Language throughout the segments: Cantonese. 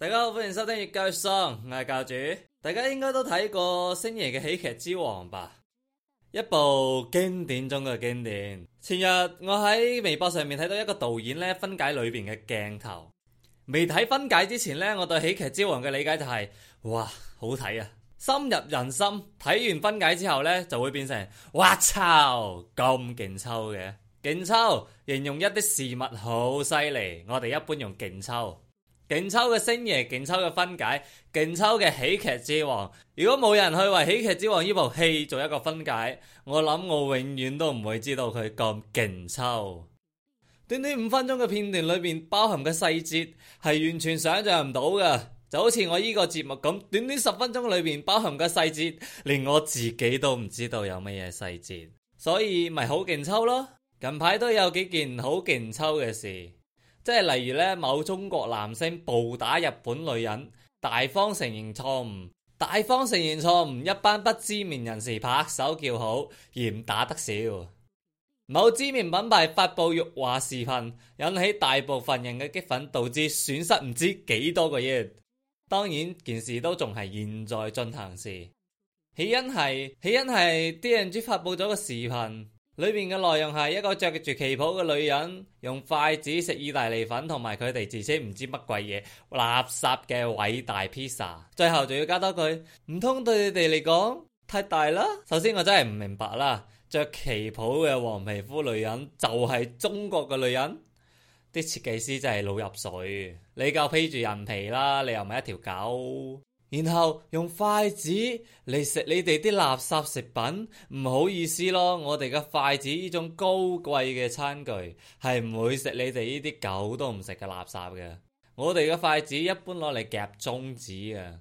大家好，歡迎收聽《越教越爽》，我係教主。大家應該都睇過星爺嘅《喜劇之王》吧？一部經典中嘅經典。前日我喺微博上面睇到一個導演咧分解裏邊嘅鏡頭。未睇分解之前咧，我對《喜劇之王》嘅理解就係、是，哇，好睇啊，深入人心。睇完分解之後咧，就會變成，哇操，咁勁抽嘅勁抽，形容一啲事物好犀利，我哋一般用勁抽。勁抽嘅星爺，勁抽嘅分解，勁抽嘅喜劇之王。如果冇人去為喜劇之王呢部戲做一個分解，我諗我永遠都唔會知道佢咁勁抽。短短五分鐘嘅片段裏面包含嘅細節係完全想象唔到嘅，就好似我呢個節目咁，短短十分鐘裏面包含嘅細節，連我自己都唔知道有乜嘢細節，所以咪好勁抽咯。近排都有幾件好勁抽嘅事。即係例如咧，某中國男星暴打日本女人，大方承認錯誤，大方承認錯誤，一班不知名人士拍手叫好，嫌打得少。某知名品牌發布辱話視頻，引起大部分人嘅激憤，導致損失唔知幾多個億。當然，件事都仲係現在進行時。起因係起因係啲人主發布咗個視頻。裏面嘅內容係一個着住旗袍嘅女人用筷子食意大利粉，同埋佢哋自稱唔知乜鬼嘢垃圾嘅偉大披薩。最後仲要加多句唔通對你哋嚟講太大啦。首先我真係唔明白啦，着旗袍嘅黃皮膚女人就係中國嘅女人？啲設計師真係腦入水，你夠披住人皮啦，你又唔係一條狗？然後用筷子嚟食你哋啲垃圾食品，唔好意思咯。我哋嘅筷子呢種高貴嘅餐具，係唔會食你哋呢啲狗都唔食嘅垃圾嘅。我哋嘅筷子一般攞嚟夾中指嘅，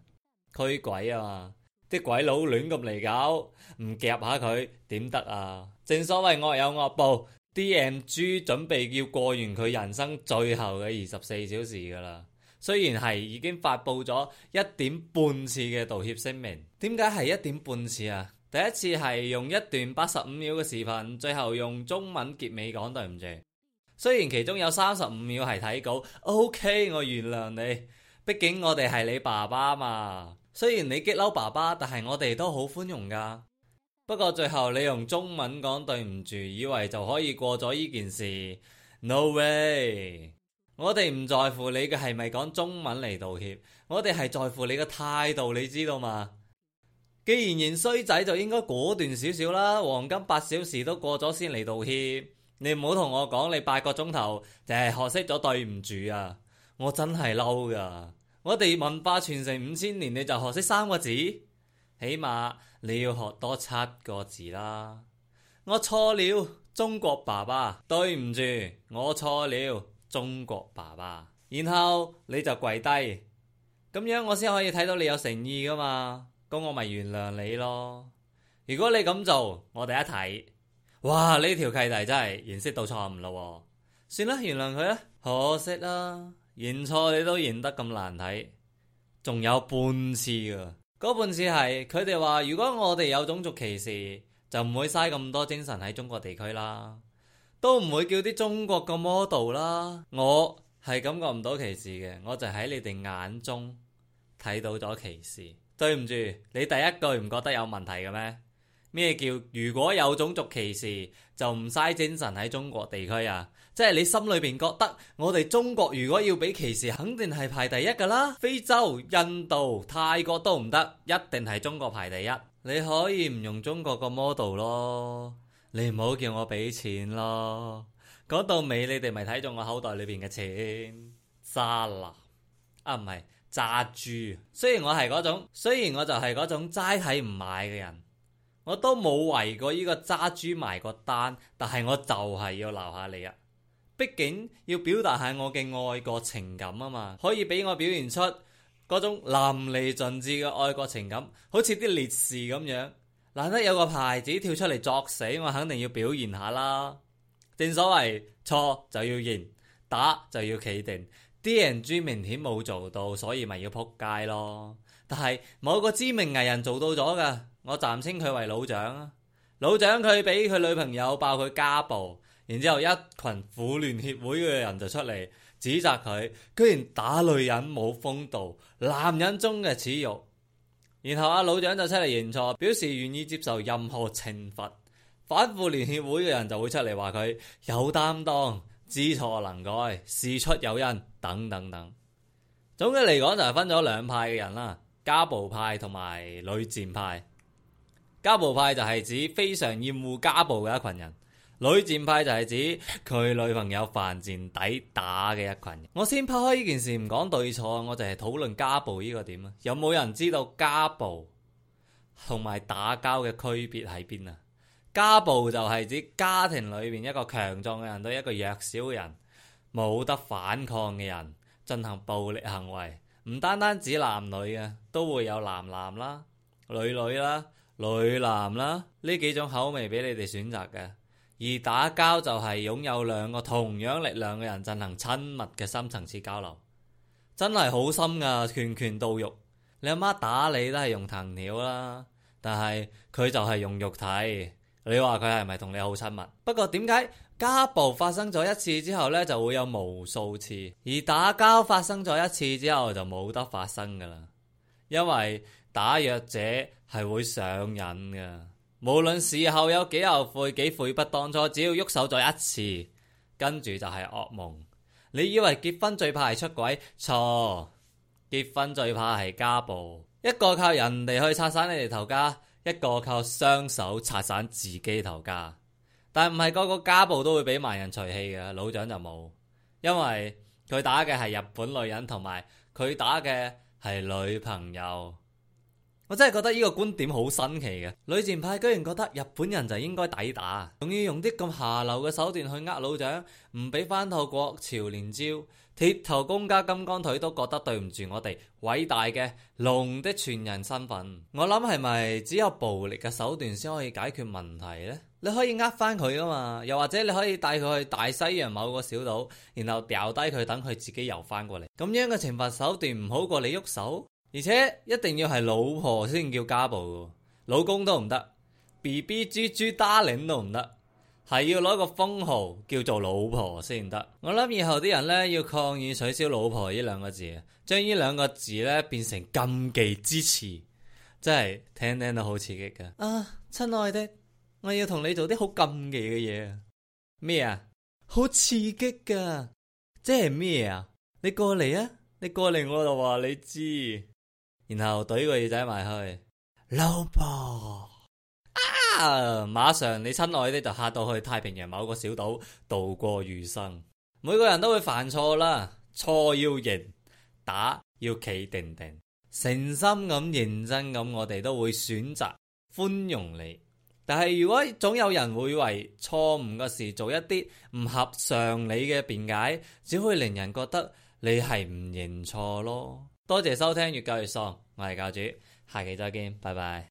驅鬼啊嘛！啲鬼佬亂咁嚟搞，唔夾下佢點得啊？正所謂惡有惡報，DMG 準備要過完佢人生最後嘅二十四小時㗎喇。雖然係已經發布咗一點半次嘅道歉聲明，點解係一點半次啊？第一次係用一段八十五秒嘅視頻，最後用中文結尾講對唔住。雖然其中有三十五秒係睇稿，OK，我原諒你。畢竟我哋係你爸爸嘛。雖然你激嬲爸爸，但係我哋都好寬容㗎。不過最後你用中文講對唔住，以為就可以過咗呢件事？No way！我哋唔在乎你嘅係咪講中文嚟道歉，我哋係在乎你嘅態度，你知道嘛？既然認衰仔就應該果斷少少啦。黃金八小時都過咗先嚟道歉，你唔好同我講你八個鐘頭淨係學識咗對唔住啊！我真係嬲噶，我哋文化傳承五千年，你就學識三個字，起碼你要學多七個字啦。我錯了，中國爸爸，對唔住，我錯了。中國爸爸，然後你就跪低，咁樣我先可以睇到你有誠意噶嘛？咁我咪原諒你咯。如果你咁做，我哋一睇，哇！呢條契弟真係認識到錯誤咯。算啦，原諒佢啦。可惜啦，認錯你都認得咁難睇，仲有半次啊！嗰半次係佢哋話，如果我哋有種族歧視，就唔會嘥咁多精神喺中國地區啦。都唔會叫啲中國個 model 啦，我係感覺唔到歧視嘅，我就喺你哋眼中睇到咗歧視。對唔住，你第一句唔覺得有問題嘅咩？咩叫如果有種族歧視就唔嘥精神喺中國地區啊？即係你心裏邊覺得我哋中國如果要俾歧視，肯定係排第一㗎啦。非洲、印度、泰國都唔得，一定係中國排第一。你可以唔用中國個 model 咯。你唔好叫我俾錢咯，講到尾你哋咪睇中我口袋裏邊嘅錢，渣男，啊唔係，渣豬，雖然我係嗰種，雖然我就係嗰種齋睇唔買嘅人，我都冇為過呢個渣豬埋個單，但係我就係要留下你啊，畢竟要表達下我嘅愛國情感啊嘛，可以俾我表現出嗰種淋漓盡致嘅愛國情感，好似啲烈士咁樣。難得有個牌子跳出嚟作死，我肯定要表現下啦。正所謂，錯就要認，打就要企定。D&G 明顯冇做到，所以咪要撲街咯。但係某個知名藝人做到咗㗎，我暫稱佢為老蔣。老蔣佢俾佢女朋友爆佢家暴，然之後一群婦聯協會嘅人就出嚟指責佢，居然打女人冇風度，男人中嘅恥辱。然後阿老蔣就出嚟認錯，表示願意接受任何懲罰。反腐聯協會嘅人就會出嚟話佢有擔當、知錯能改、事出有因等等等。總嘅嚟講就係分咗兩派嘅人啦，家暴派同埋女戰派。家暴派就係指非常厭惡家暴嘅一群人。女戰派就係指佢女朋友犯賤抵打嘅一群人。我先拋開呢件事唔講對錯，我就係討論家暴呢個點啊。有冇人知道家暴同埋打交嘅區別喺邊啊？家暴就係指家庭裏面一個強壯嘅人對一個弱小嘅人冇得反抗嘅人進行暴力行為，唔單單指男女嘅，都會有男男啦、女女啦、女男啦呢幾種口味畀你哋選擇嘅。.而打交就係擁有兩個同樣力量嘅人進行親密嘅深層次交流，真係好深噶。拳拳到肉。你阿媽打你都係用藤條啦，但係佢就係用肉體。你話佢係咪同你好親密？不過點解家暴發生咗一次之後咧，就會有無數次，而打交發生咗一次之後就冇得發生噶啦。因為打弱者係會上癮噶。無論事後有幾後悔、幾悔不當初，只要喐手咗一次，跟住就係噩夢。你以為結婚最怕係出軌？錯，結婚最怕係家暴。一個靠人哋去拆散你哋頭家，一個靠雙手拆散自己頭家。但唔係個個家暴都會俾萬人唾棄嘅，老蔣就冇，因為佢打嘅係日本女人，同埋佢打嘅係女朋友。我真係覺得呢個觀點好新奇嘅，女戰派居然覺得日本人就應該抵打，仲要用啲咁下流嘅手段去呃老蔣，唔畀返套國朝連招，鐵頭功加金剛腿都覺得對唔住我哋偉大嘅龍的傳人身份。我諗係咪只有暴力嘅手段先可以解決問題呢？你可以呃翻佢吖嘛？又或者你可以帶佢去大西洋某個小島，然後掉低佢，等佢自己游翻過嚟。咁樣嘅懲罰手段唔好過你喐手。而且一定要係老婆先叫家暴，老公都唔得，B B G G Darling 都唔得，係要攞個封號叫做老婆先得。我諗以後啲人呢，要抗議取消老婆呢兩個字，將呢兩個字呢變成禁忌之詞，真係聽聽到好刺激噶。啊，親愛的，我要同你做啲好禁忌嘅嘢啊！咩啊？好刺激噶，即係咩啊？你過嚟啊！你過嚟我就話你知。然後懟個耳仔埋去，老婆啊！馬上你親愛的就嚇到去太平洋某個小島度過餘生。每個人都會犯錯啦，錯要認，打要企定定，誠心咁認真咁，我哋都會選擇寬容你。但係如果總有人會為錯誤嘅事做一啲唔合常理嘅辯解，只會令人覺得你係唔認錯咯。多謝收聽《越教越喪》，我係教主，下期再見，拜拜。